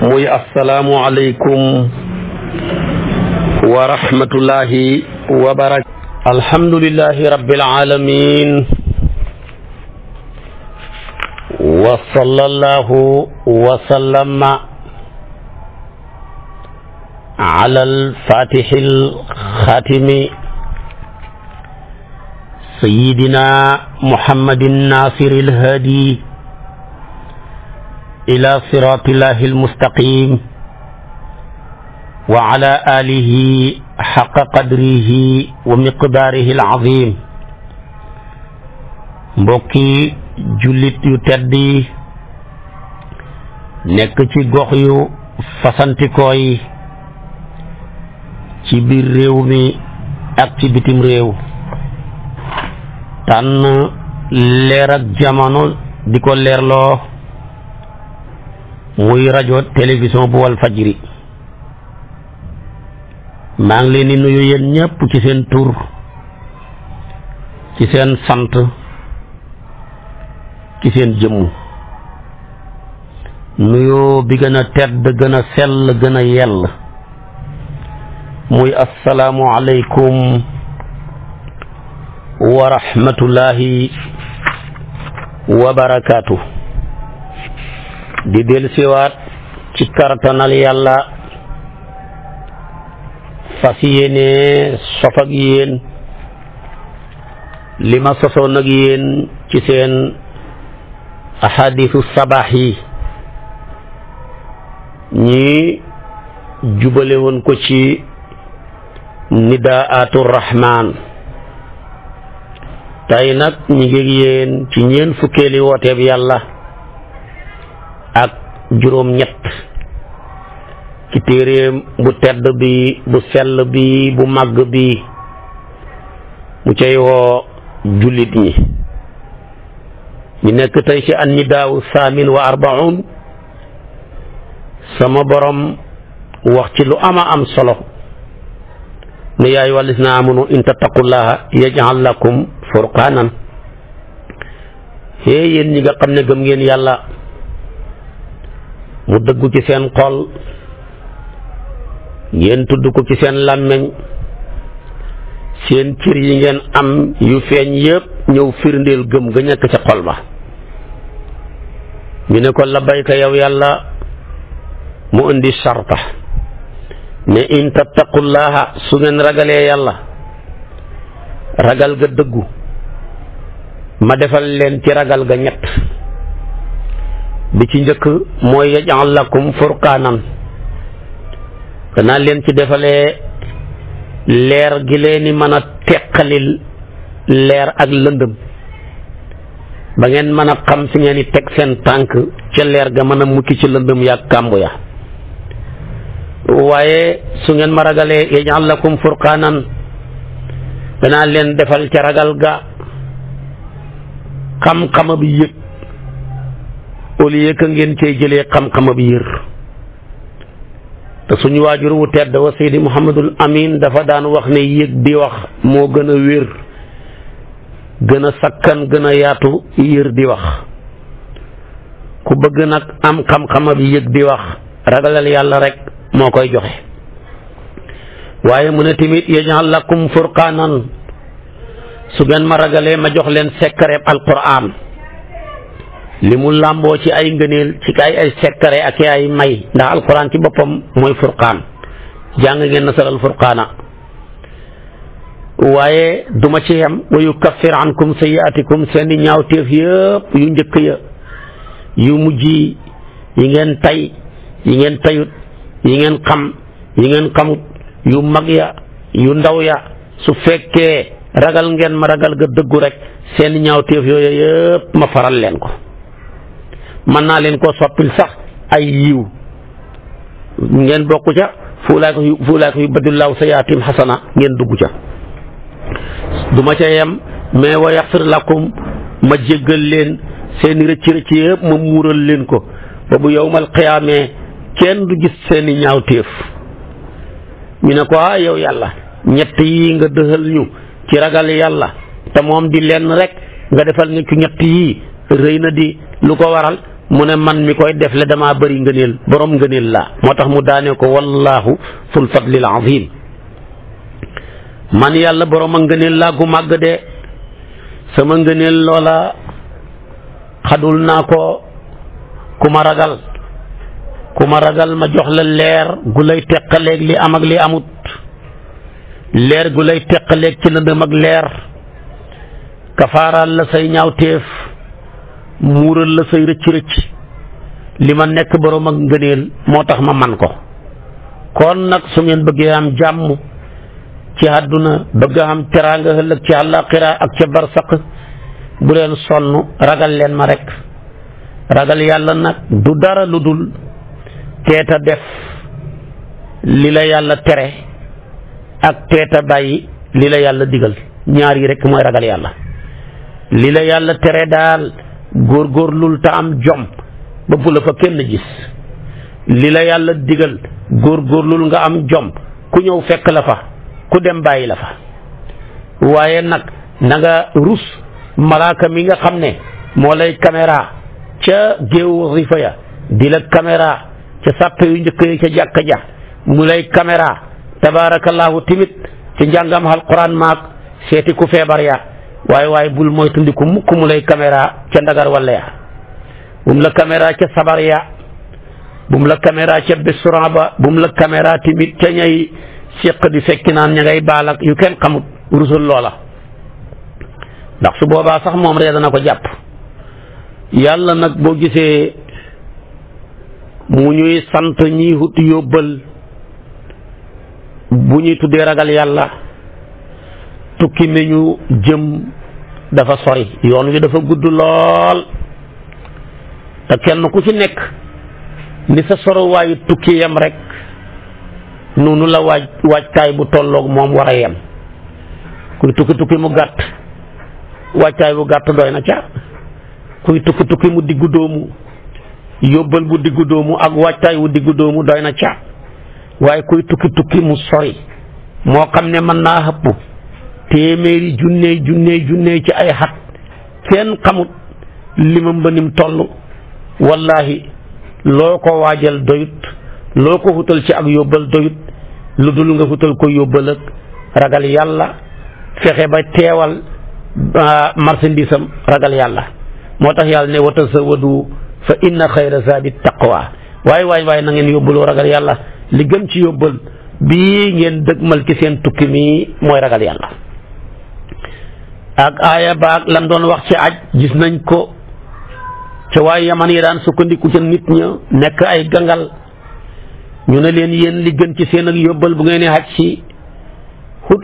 muy asalaamualeykum wa rahmatullahi wa barakaatu alhamdulillahi rabbil alamin wa sallallahu wa sallama ala alfatixi alxatimi sayidina muhammadin nasiri alhadi ila siratillahi almustaqim wa ala alihi xaqa qadrihi wa miqdaarihi alazim mbokki jullit yu tedd yi nekk ci gox yu fasantikoo yi ci biir réew mi ak ci bitim réew tànn leer ak jamono di ko leerloo muy rajo télévision bu wal fajri maa ngi leen di nuyu yéen ñëpp ci seen tur ci seen sant ci seen jëmm nuyoo bi gën a tedd gën a sell gën a yell muy asalaamu aleykum wa rahmatullahi di dellusiwaat ci kartanal yàlla fas yéene sof ak yéen li ma sosoon yéen ci seen ahadisu sabaax yi ñi jubale woon ko ci nidaatu rahman tey nag ñi ngi yéen ci ñeen fukkeeli wooteeb yàlla juróom ñett ci téeréem bu tedd bi bu sell bi bu màgg bi mu cay woo jullit ñi ñu nekk tey ci an nidaawu saamin wa sama borom wax ci lu ama am solo ne yaay wàllis na amunu in tattaqullaha yaj'al lakum furqanan é yéen ñi nga xam ne gëm ngeen yàlla mu dëggu ci seen xool ngeen tudd ko ci seen làmmiñ seen cër yi ngeen am yu feeñ yépp ñëw firndeel gëmm ga nekk ca xool ba ñu ne ko labayka yow yàlla mu indi sarta ne in tattaqullaha su ngeen ragalee yàlla ragal ga dëggu ma defal leen ci ragal ga ñett bi ci njëkk mooy yaj'al lakum furqaanan danaa leen ci defalee leer gi leeni mën a teqalil leer ak lëndëm ba ngeen mën a xam fi ngeen di teg seen tànk ca leer ga mën a mukki ci lëndëm yaag kàmbu ya waaye su ngeen ma ragalee yaj'al lakum furqaanan danaa leen defal ca ragal ga xam-xama bi yëg au lieu ngeen cee jëlee xam-xamab yër te suñu waajur wu tedd wa Seydi Mouhamadul Amin dafa daan wax ne yëg di wax moo gën a wér gën a sakkan gën a yaatu yër di wax ku bëgg nag am xam-xamab yëg di wax ragalal yàlla rek moo koy joxe waaye mu ne tamit yajal lakum furqaanan su ngeen ma ragalee ma jox leen sekkareeb Alquraan li mu làmboo ci ay ngëneel ci ay ay sekkare ak ay may ndax alquran ci boppam mooy furqaan jàng ngeen nasaral furqaana waaye duma ci yem wa yukaffir ankum sayiatikum seeni ñaawteef yëpp yu njëkk ya yu mujj yi ngeen tay yi ngeen tayut yi ngeen xam yi ngeen xamut yu mag ya yu ndaw ya su fekkee ragal ngeen ma ragal ga dëggu rek seen ñaawteef yooyu yëpp ma faral leen ko mën naa leen koo soppil sax ay yiw ngeen bokk ca fuulaaka yu fuulaaka yu badillaahu sayaatim xasana ngeen dugg ca duma ca yem mais wa yaxfir lakum ma jéggal leen seeni rëcc rëcc yëpp ma muural leen ko ba bu yowmal qiyaamee kenn du gis seeni ñaaw téef ñu ne ko ah yow yàlla ñett yii nga dëxal ñu ci ragal yàlla te moom di lenn rek nga defal ñu ci ñett yii rëy na di lu ko waral mu ne man mi koy def defle damaa bëri ngëneel borom ngëneel laa moo tax mu daanee ko wallaahu ful fadlil azim man yàlla borom a ngëneel laa gu màgg de sama ngëneel loola naa ko ku ma ragal ku ma ragal ma jox la leer gu lay teqaleeg li am li amut leer gu lay teqaleeg ci lëndëm ak leer kafaaraal la say ñaaw ñaawteef muural la say rëccu rëcc li ma nekk borom ak ngëneel moo tax ma man ko kon nag su ngeen bëggee am jàmm ci àdduna bëgg am teraanga ëllëg ci àllaaxira ak ca barsaq bu leen sonn ragal leen ma rekk ragal yàlla nag du dara lu dul teeta def li la yàlla tere ak teeta bàyyi li la yàlla digal ñaar yi rekk mooy ragal yàlla li la yàlla tere daal góor góorgóorlul te am jom ba bu la fa kenn gis li la yàlla digal góor góorlul nga am jom ku ñëw fekk la fa ku dem bàyyi la fa waaye nag na nga rus malaaka mi nga xam ne moo lay caméra ca géewu rifa ya di la caméra ca sàppe yu njëkk yi ca jàkka ja mu lay caméra tabaarakallaahu timit ci njàngam alquran maak seeti ku feebar ya waaye waaye bul mooy tundiku mukk mu lay caméra ca ndagar walla ya bum la caméra ca sabar ya bum la caméra ca restaurant ba bum la caméra timit ca ñay séq di fekki naan ña ngay baal ak yu kenn xamut rusul loola ndax su boobaa sax moom ree na ko jàpp yàlla nag boo gisee mu ñuy sant ñiy yóbbal bu ñuy tuddee ragal yàlla tukki mi ñu jëm dafa sori yoon wi dafa gudd lool te kenn ku ci nekk ni sa sorowaayu tukki yem rek noonu la waaj waajtaay bu tolloog moom war a yem kuy tukki tukki mu gàtt waajtaay wu gàtt doy na ca kuy tukki tukki mu diggu doomu yóbbal bu diggu doomu ak waajtaay wu diggu doomu doy na ca waaye kuy tukki tukki mu sori moo xam ne mën naa xëpp téeméeri junne junne junne ci ay xat kenn xamut limam ba nim toll wallahi loo ko waajal doyut loo ko xutal ci ak yóbbal doyut lu dul nga xutal ko yóbbal ak ragal yàlla fexe ba teewal ah, marchandise am ragal yàlla moo tax yàlla ne wa tasawadu fa inna xayra zaadi taqwa waaye waay waaye nangeen yóbbuloo ragal yàlla li gën ci yóbbal bii ngeen dëgmal ci seen tukki mi mooy ragal yàlla ak aaya baag lan doon wax ci aj gis nañ ko ca waay yaman yi daan sukkandiku ca nit ña nekk ay gangal ñu ne leen yéen li gën ci seen ak yóbbal bu ngeen di ci si xut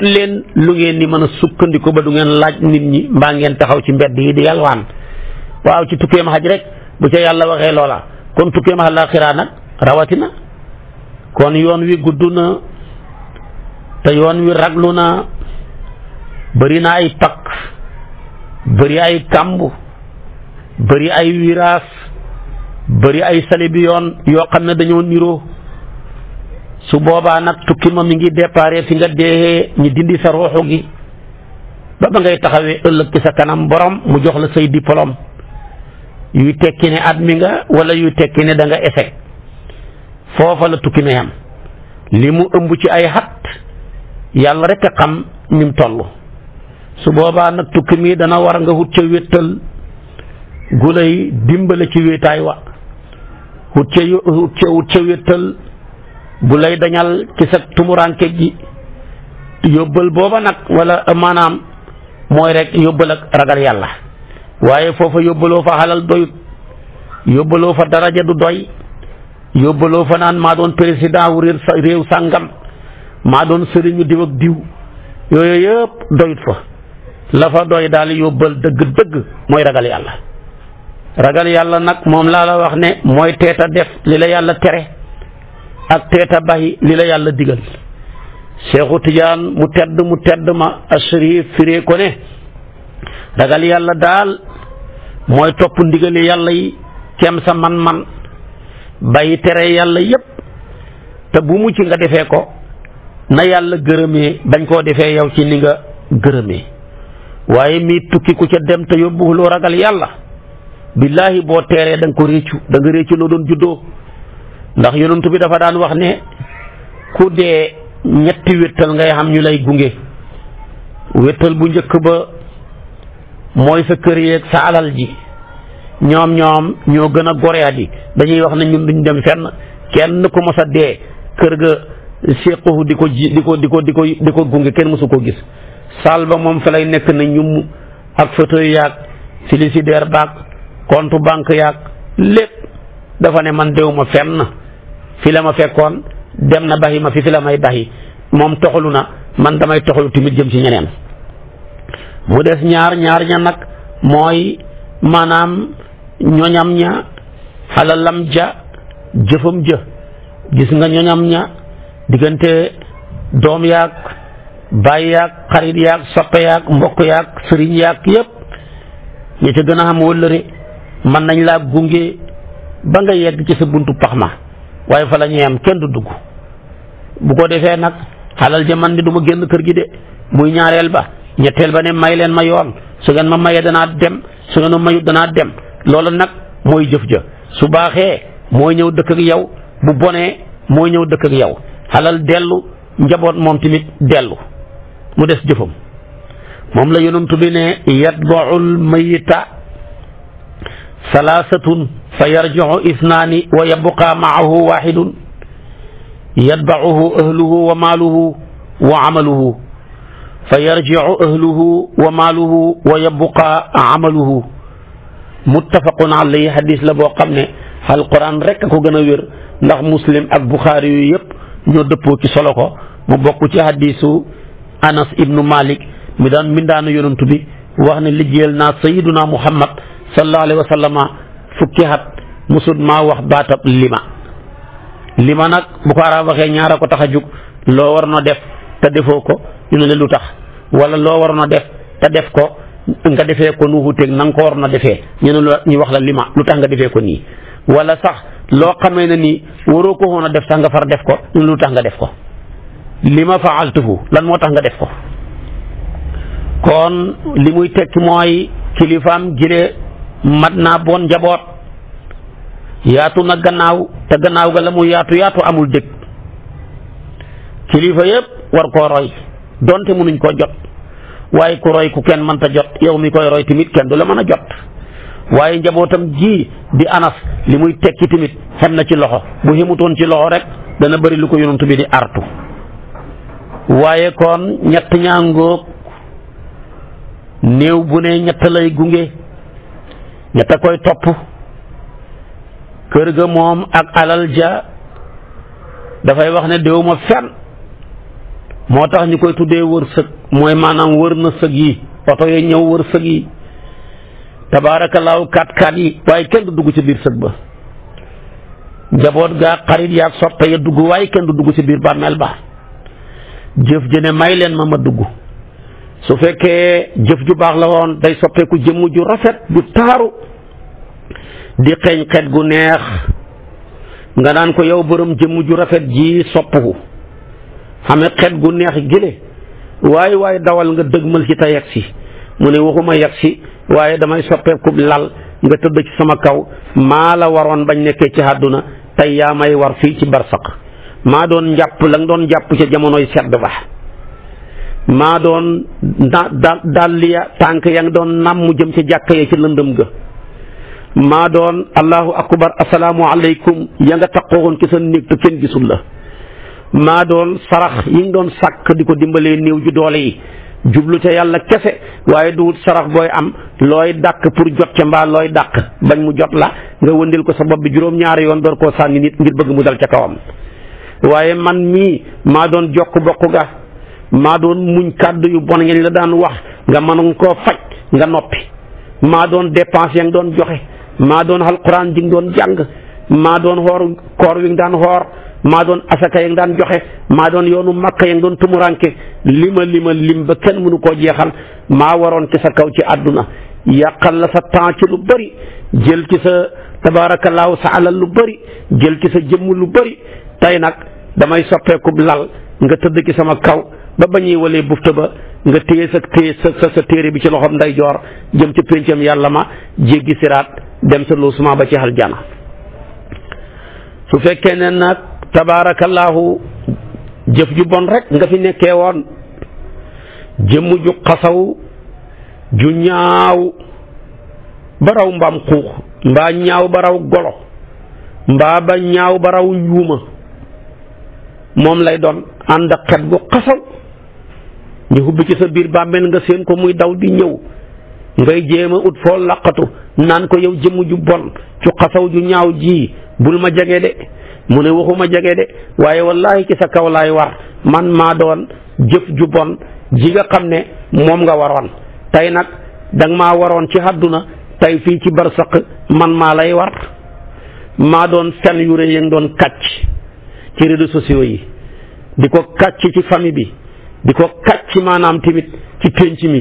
lu ngeen ni mën a sukkandiku ba du ngeen laaj nit ñi mbaa ngeen taxaw ci mbedd yi di yalwaan waaw ci tukkeem xaj rek bu ca yàlla waxee loola kon tukkeem àllaaxira nag rawatina kon yoon wi gudd na te yoon wi raglu na bari na ay pakk bëri ay kàmb bëri ay wiraas bëri ay salibiyoon yoo xam ne dañoo niroo su boobaa nag tukki ma mi ngi déparé fi nga dee ñu dindi sa ruuxu gi ba ba ngay taxawee ëllëg ci sa kanam borom mu jox la say diplôme yuy tekki ne at mi nga wala yuy tekki ne danga nga échec foofa la tukki may li mu ëmb ci ay xat yàlla rek a xam ni mu toll. su boobaa nag tukki mii dana war nga wut ca wéttal gu lay dimbale ci wéetaay wa wut ca wut ca wut ca wéttal bu lay dañal ci sa tumuranke gi yóbbal booba nag wala maanaam mooy rek yóbbal ak ragal yàlla waaye foofa yóbbaloo fa xalal doyut yóbbaloo fa daraja du doy yóbbaloo fa naan maa doon président wu réew sàngam maa doon sëriñu diw ak diw yooyu yëpp doyut fa la fa doy daal yóbbal dëgg-dëgg mooy ragal yàlla ragal yàlla nag moom laa la wax ne mooy teeta def li la yàlla tere ak teeta bay li la yàlla digal Seexu Tijaan mu tedd mu tedd ma asharif firee ko ne ragal yàlla daal mooy topp ndigali yàlla yi kem sa man-man bay tere yàlla yépp te bu mucc nga defee ko na yàlla gërëmee bañ koo defee yow ci ni nga gërëmee waaye mii tukki ku ca dem te loo ragal yàlla billaahi boo teeree da ko réccu da nga réccu loo doon juddoo ndax yonent bi dafa daan wax ne ku dee ñetti wéttal ngay xam ñu lay gunge wéttal bu njëkk ba mooy sa kër yeeg sa alal ji ñoom ñoom ñoo gën a goreadi dañuy wax ne ñun duñ dem fenn kenn ku mos a dee kër ga séquhu di ko ji di ko di ko di ko di ko gunge kenn mosu ko gis saal ba moom fa lay nekk na ñum ak fauteuil yaag frigidaire baag compte bànk yàgg lépp dafa ne man déw ma fenn fi la ma fekkoon dem na baxi ma fi fi la may baxi moom toxalu na man damay toxalu tamit jëm ci ñeneen mu des ñaar ñaar ña nag mooy maanaam ñoñam ña alalam ja jëfam jë gis nga ñoñam ña diggante doom yaag bàyyi yaag xarit yaag soppe yaag mbokk yaag sëriñ yaag yépp ñi gën a xam wëllëre man nañ laa gunge ba nga yegg ci sa buntu pax ma waaye fala la am kenn du dugg bu ko defee nag xalal ja man di du ma génn kër gi de muy ñaareel ba ñetteel ba ne may leen ma yoon su ma mayee danaa dem su ngeen ma mayut danaa dem loolu nag mooy jëf ja su baaxee mooy ñëw dëkk ak yow bu bonee mooy ñëw dëkk ak yow xalal dellu njaboot moom tamit dellu mu des jëfam moom la yonent bi ne yatbaul mayita salaasatun fa yarjiu isnaani wa yabqa maahu waxidun yatbauhu ahluhu wa maaluhu wa amaluhu fa yarjiu ahluhu wa maaluhu wa yabqa amaluhu muttafaqun alayhi hadis la boo xam ne alquran rek a ko gën a wér ndax muslim ak buxaari yu yëpp ñoo dëppoo ci solo ko mu bokk ci hadisu anas ibnu malik mi daan mbindaanu yonantu bi wax ne liggéeyal naa sayiduna muhammad sallallahu alayhi wa sallama fukki at musul maa wax baatab lima lima nag bu ko araab waxee ñaara ko tax a jug loo waroon a def te defoo ko ñu ne lu tax wala loo waroon a def te def ko nga defee ko nu wuuteeg na ko waroon a defee ñu ne wax la lima lu tax defee ko nii wala sax loo xamee ne nii waroo ko woon a def sax nga far def ko ñu ne lu tax nga def ko li ma faaltuhu lan moo tax nga def ko kon li muy tekki mooy kilifaam jile mat naa bon njaboot yaatu na gannaaw te gannaaw ga la mu yaatu yaatu amul dëkk kilifa yëpp war koo roy donte nuñ koo jot waaye ku roy ku kenn mënta jot yow mi koy roy tamit kenn du la mën a jot waaye njabootam ji di anas li muy tekki tamit xem na ci loxo bu xemutoon ci loxo rek dana bari lu ko yonantu bi di artu waaye kon ñett ñaa ngóog néew bu ne ñett lay gunge ñett a koy topp kër ga moom ak alal ja dafay wax ne déwuma fenn moo tax ñu koy tuddee wër wërsëg mooy maanaam wër na sëg yi oto yooyu ñëw wër sëg yi tabaarakallaahu kat kat yi waaye kenn du dugg ci biir sëg ba njaboot gaa xarit yaa soppe ya dugg waaye kenn du dugg ci biir bàmmeel ba jëf ji jëne may leen ma ma dugg su fekkee jëf ju baax la waroon day soppeeku jëmm ju rafet ju taaru di xeeñ xet gu neex nga naan ko yow borom jëmm ju rafet ji soppeeku xame xet gu neex gile waaye waaye dawal nga dëgmal ci te yegg mu ne waxuma yegg waaye damay soppeeku lal nga tëdd ci sama kaw maa la waroon bañ nekkee ci àdduna tey yaa may war fii ci barsaq maa doon njàpp la doon jàpp ca jamonoy sedd ba maa doon na dàll ya tànk ya nga doon nàmm jëm ca jàkka ya ca lëndëm ga maa doon allahu akbar asalaamu aleykum ya nga taqoowoon ci sa néeg te kenn gisul la maa doon sarax yi nga doon sàkk di ko dimbalee néew ju doole yi jublu ca yàlla kese waaye duwut sarax booy am looy dàq pour jot ca mbaa looy dàq bañ mu jot la nga wëndeel ko sa bopp bi juróom-ñaari yoon door koo sànni nit ngir bëgg mu dal ca kawam waaye man mii maa doon jokk bokku ga maa doon muñ kàddu yu bon ngeen la daan wax nga mën koo faj nga noppi maa doon dépense ya nga doon joxe maa doon alquran ji nga doon jàng maa doon xoor koor wi nga daan xoor maa doon asaka ya nga daan joxe maa doon yoonu makka ya nga doon tumuranke lima lima lim ba kenn mënu koo jeexal maa waroon ci sa kaw ci àdduna yàqal la sa temps lu bëri jël ci sa tabaarakallaahu sa alal lu bëri jël ci sa jëmm lu bëri tey nag damay soppeekub lal nga tëdd ci sama kaw ba ba ñuy walee bufta ba nga téye sa téye sa sa téere bi ci loxoom nday joor jëm ca péncam yàlla ma jéggi siraat dem sa luusuma ba ci aljana su fekkee ne nag tabaarakallaahu jëf ju bon rek nga fi nekkee woon jëmm ju xasaw ju ñaaw ba raw mbaam xuux mbaa ñaaw ba raw golo mbaa ba ñaaw ba raw yuuma moom lay doon ànd ak xet gu xasaw ñu hubbi ci sa biir bàmmeel nga seen ko muy daw di ñëw ngay jéem a ut foo laqatu naan ko yow jëmm ju bon cu xasaw ju ñaaw jii bul ma jege de mu ne waxuma jege de waaye wallaahi ci sa kaw laay war man maa doon jëf ju bon ji nga xam ne moom nga waroon tey nag danga maa waroon ci àdduna tey fii ci barsaq man maa lay war maa doon fen yu rëy ngi doon kàcc ci réseaux sociaux yi di ko kàcc ci famille bi di ko kàcc maanaam tamit ci pénc mi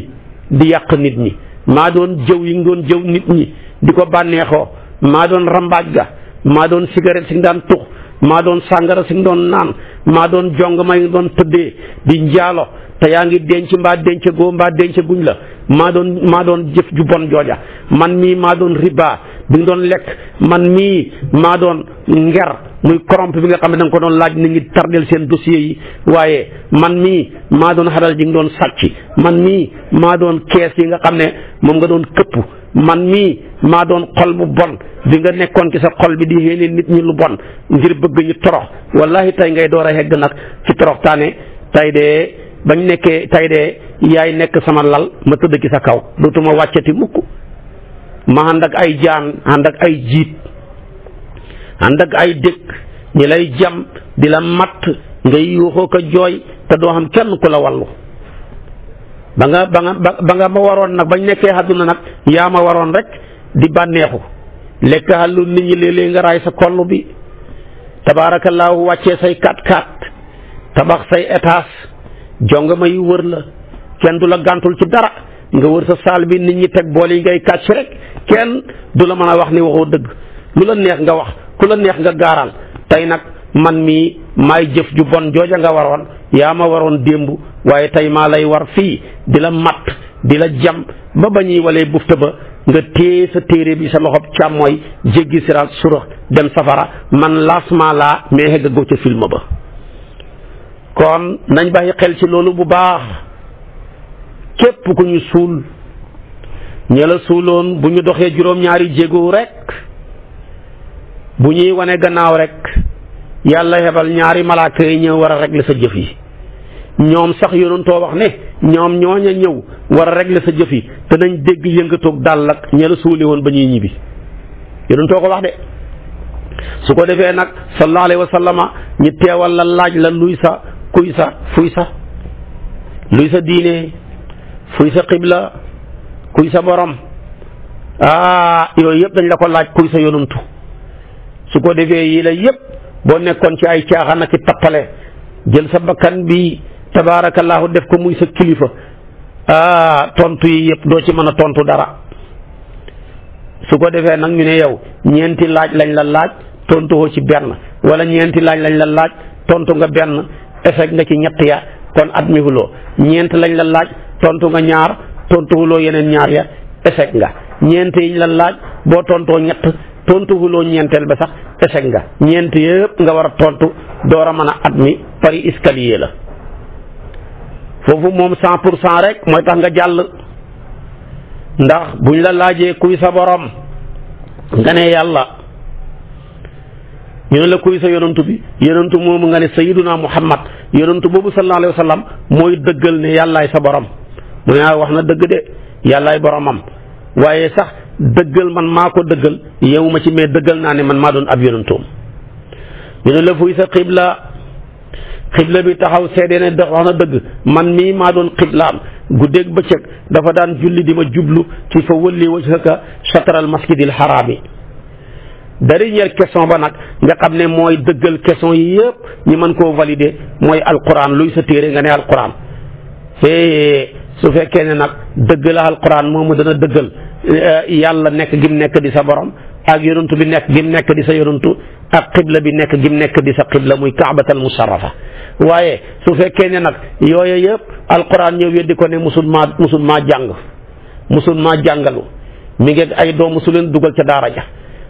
di yàq nit ñi maa doon jëw yi nga doon jëw nit ñi di ko bànneexoo maa doon rambaaj ga maa doon cigarette si nga daan tux maa doon sàngara si nga doon naan maa doon jong ma doon tëddee di njaalo te yaa ngi denc mbaa denc goo mbaa denc guñ la maa doon maa doon jëf ju bon jooja man mii maa doon riba bi nga doon lekk man mii maa doon nger muy corrompe bi nga xam ne da nga ko doon laaj ni ngi tardel seen dossier yi waaye man mii maa doon xaral ji nga doon sàcc man mii maa doon kees yi nga xam ne moom nga doon këpp man mii maa doon xol bu bon bi nga nekkoon ci sa xol bi di yéene nit ñi lu bon ngir bëgg ñu torox wallahi tey ngay door a hegg nag ci torox taane tey de bañ nekkee tey de yaay nekk sama lal ma tëdd ci sa kaw dootuma wàcceti mukk ma ànd ak ay jaan ànd ak ay jiit ànd ak ay dëkk ñi lay jam di la matt ngay yuuxoo ko jooy te doo xam kenn ku la wallu ba nga ba nga ba nga ma waroon nag bañ nekkee àdduna nag yaa ma waroon rek di bànneexu lekk xàllu nit ñi léeg-léeg nga raay sa koll bi laa wàccee say kat kat tabax say étage jong ma yu wër la kenn du la gàntul ci dara nga wër sa saal bi nit ñi teg bool yi ngay kàcc rek kenn du la mën a wax ni waxoo dëgg lu la neex nga wax ku la neex nga gaaral tey nag man mii may jëf ju bon jooja nga waroon yaa ma waroon démb waaye tey maa lay war fii di la matt di la jam ba ba ñuy walee bufta ba nga téye sa téere bi sa loxob càmmooy jéggi siraat surax dem safara man laasmaa laa mais xegg goo ca film ba kon nañ bàyyi xel ci loolu bu baax képp ku ñu suul ña suuloon bu ñu doxee juróom-ñaari jéego rek bu ñuy wanee gannaaw rekk yàlla hebal ñaari malaaka yi ñëw war a régler sa jëf yi ñoom sax yonantoo wax ne ñoom ñooña ñëw war a régler sa jëf yi te nañ dégg yëngatoog dàll ak ña la suuli woon ba ñuy ñibbi yonantoo ko wax de su ko defee nag sallallahu alayhi wa ñu teewal la laaj la luy sa kuy sa fuy sa luy sa diine fuy sa xibla kuy sa borom ah yooyu yëpp dañ la ko laaj kuy sa yonantu su ko defee yii la yëpp boo nekkoon ci ay caaxaan ak i tappale jël sa bakkan bi tabaarakallaahu def ko muy sa kilifa ah tontu yi yëpp doo ci mën a tontu dara su ko defee nag ñu ne yow ñeenti laaj lañ la laaj tontuwoo ci benn wala ñeenti laaj lañ la laaj tontu nga benn échec nga ci ñett ya kon admis huloo ñeent lañ la laaj tontu nga ñaar tontu huloo yeneen ñaar ya échec nga ñeent la laaj boo tontoo ñett tontuwuloo ñeenteel ba sax échec nga ñeent yëpp nga war a tontu door a mën a at mi pari escalier la foofu moom cent pour cent rek mooy tax nga jàll ndax bu buñ la laajee kuy sa borom nga ne yàlla ñu ne la kuy sa yonantu bi yonantu moomu nga ne sayiduna muhammad yonantu boobu sallallahu alayhi wa sallam mooy dëggal ne yàllaay sa borom mu ne ah wax na dëgg de yàllaay boromam waaye sax dëggal man maa ko dëggal yow ma ci mais dëggal naa ne man maa doon ab yonantoom ñu ne la fuy sa xibla xibla bi taxaw seede ne da wax na dëgg man mii maa doon xiblaam guddeeg bëccëg dafa daan julli di ma jublu ci fa wëlli wajhaka shatral masjidil haraami dernière question ba nag nga xam ne mooy dëggal question yi yëpp ñi mën ko valider mooy alquran luy sa téere nga ne alquran su fekkee ne nag dëgg la alquran moomu dana dëggal Eh, yàlla nekk gim nekk di sa borom ak yonantu bi nekk gim nekk di sa yonantu ak xibla bi nekk gim nekk di sa xibla muy kaabatal musharrafa waaye su fekkee ne nag yooyu yëpp alquran ñëw weddi ko ne musul maa musul maa jàng musul maa jàngalu mu ngi ay doomu su leen dugal ca daara ja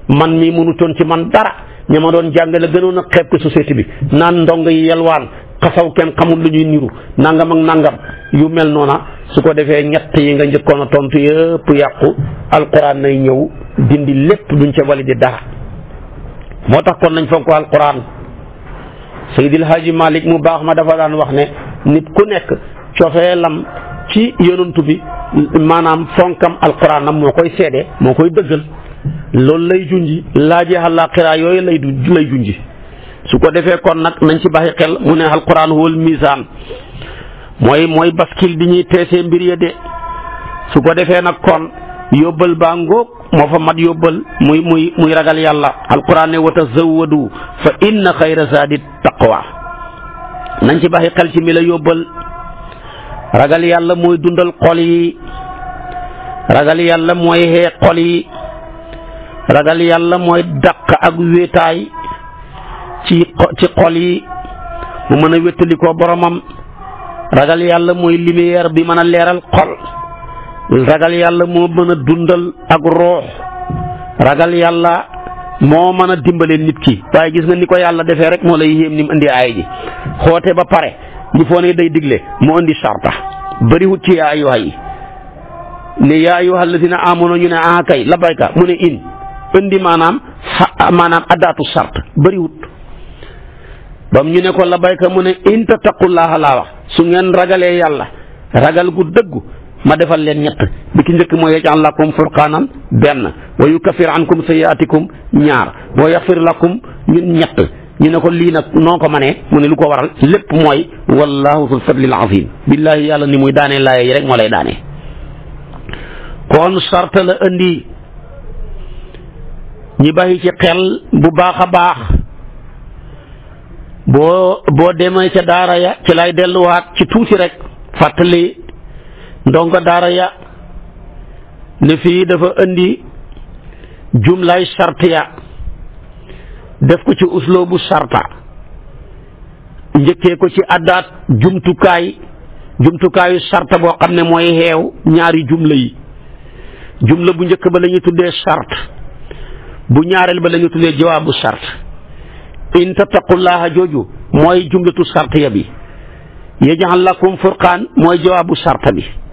man mii mënutoon ci man dara ña ma doon jàngale gënoon a xeeb ko société bi naan ndong yi yelwaan xasaw kenn xamul lu ñuy niru nangam ak nangam yu mel noona su ko defee ñett yi nga njëkkoon a tontu yëpp yàqu alquran nay ñëw dindi lépp duñ ca wali di dara moo tax kon nañ fonk alquran Seydil Haaji Malik mu baax ma dafa daan wax ne nit ku nekk lam ci yonantu bi maanaam fonkam alquran am moo koy seede moo koy dëggal loolu lay junji laaje àllaaxira yooyu lay lay junji su ko defee kon nag nañ ci bàyyi xel mu ne alquran huwal misaan mooy mooy baskil bi ñuy peesee mbir ya de su ko defee nag kon yóbbal baa ngóog moo fa mat yóbbal muy muy muy ragal yàlla alquran ne wa tazawwadu fa inna xayra zaadi taqwa nañ ci baxi xel ci mi la yóbbal ragal yàlla mooy dundal xol yi ragal yàlla mooy xee xol yi ragal yàlla mooy dàq ak wéetaay ci ci xol yi mu mën a wéttalikoo boromam ragal yàlla mooy lumière bi mën a leeral xol ragal yàlla moo mën a dundal ak ruux ragal yàlla moo mën a dimbale nit ki waaye gis nga ni ko yàlla defee rek moo lay yéem ni mu indi aay ji xoote ba pare ñu foo ne day digle moo indi sarta bëriwut ci yaa ayyuha yi ne yaa ayyuha alladina amanu ñu ne ah kay labayka mu ne in indi maanaam maanaam addaatu sart bëriwut bam ñu ne ko labayka mu ne in tattaqullaaha laa wax su ngeen ragalee yàlla ragal gu dëggu ma defal leen ñett bi ki njëkk mooy yaj'al lakum furqaanan benn wa yukaffir ankum sayyi'aatikum ñaar wa yaxfir lakum ñun ñett ñu ne ko lii nag noo ko manee mu ne lu ko waral lépp mooy wallahu zul fadlil azim billaahi yàlla ni muy daanee laaye yi rek moo lay daanee kon sarta la indi ñi bàyyi ci xel bu baax a baax boo boo demee ca daara ya ci lay delluwaat ci tuuti rek fàttali ndongo daara ya ne fii dafa indi jumlay sartiya def ko ci bu sarta njëkkee ko ci addaat jumtukaay jumtukaayu sarta boo xam ne mooy xeew ñaari jumla yi jumla bu njëkk ba la tuddee sart bu ñaareel ba la ñuy tuddee jawaabu sart in tattaqullaha jooju mooy jumlatu sartiya bi yaj'al lakum furqaan mooy jawaabu sarta bi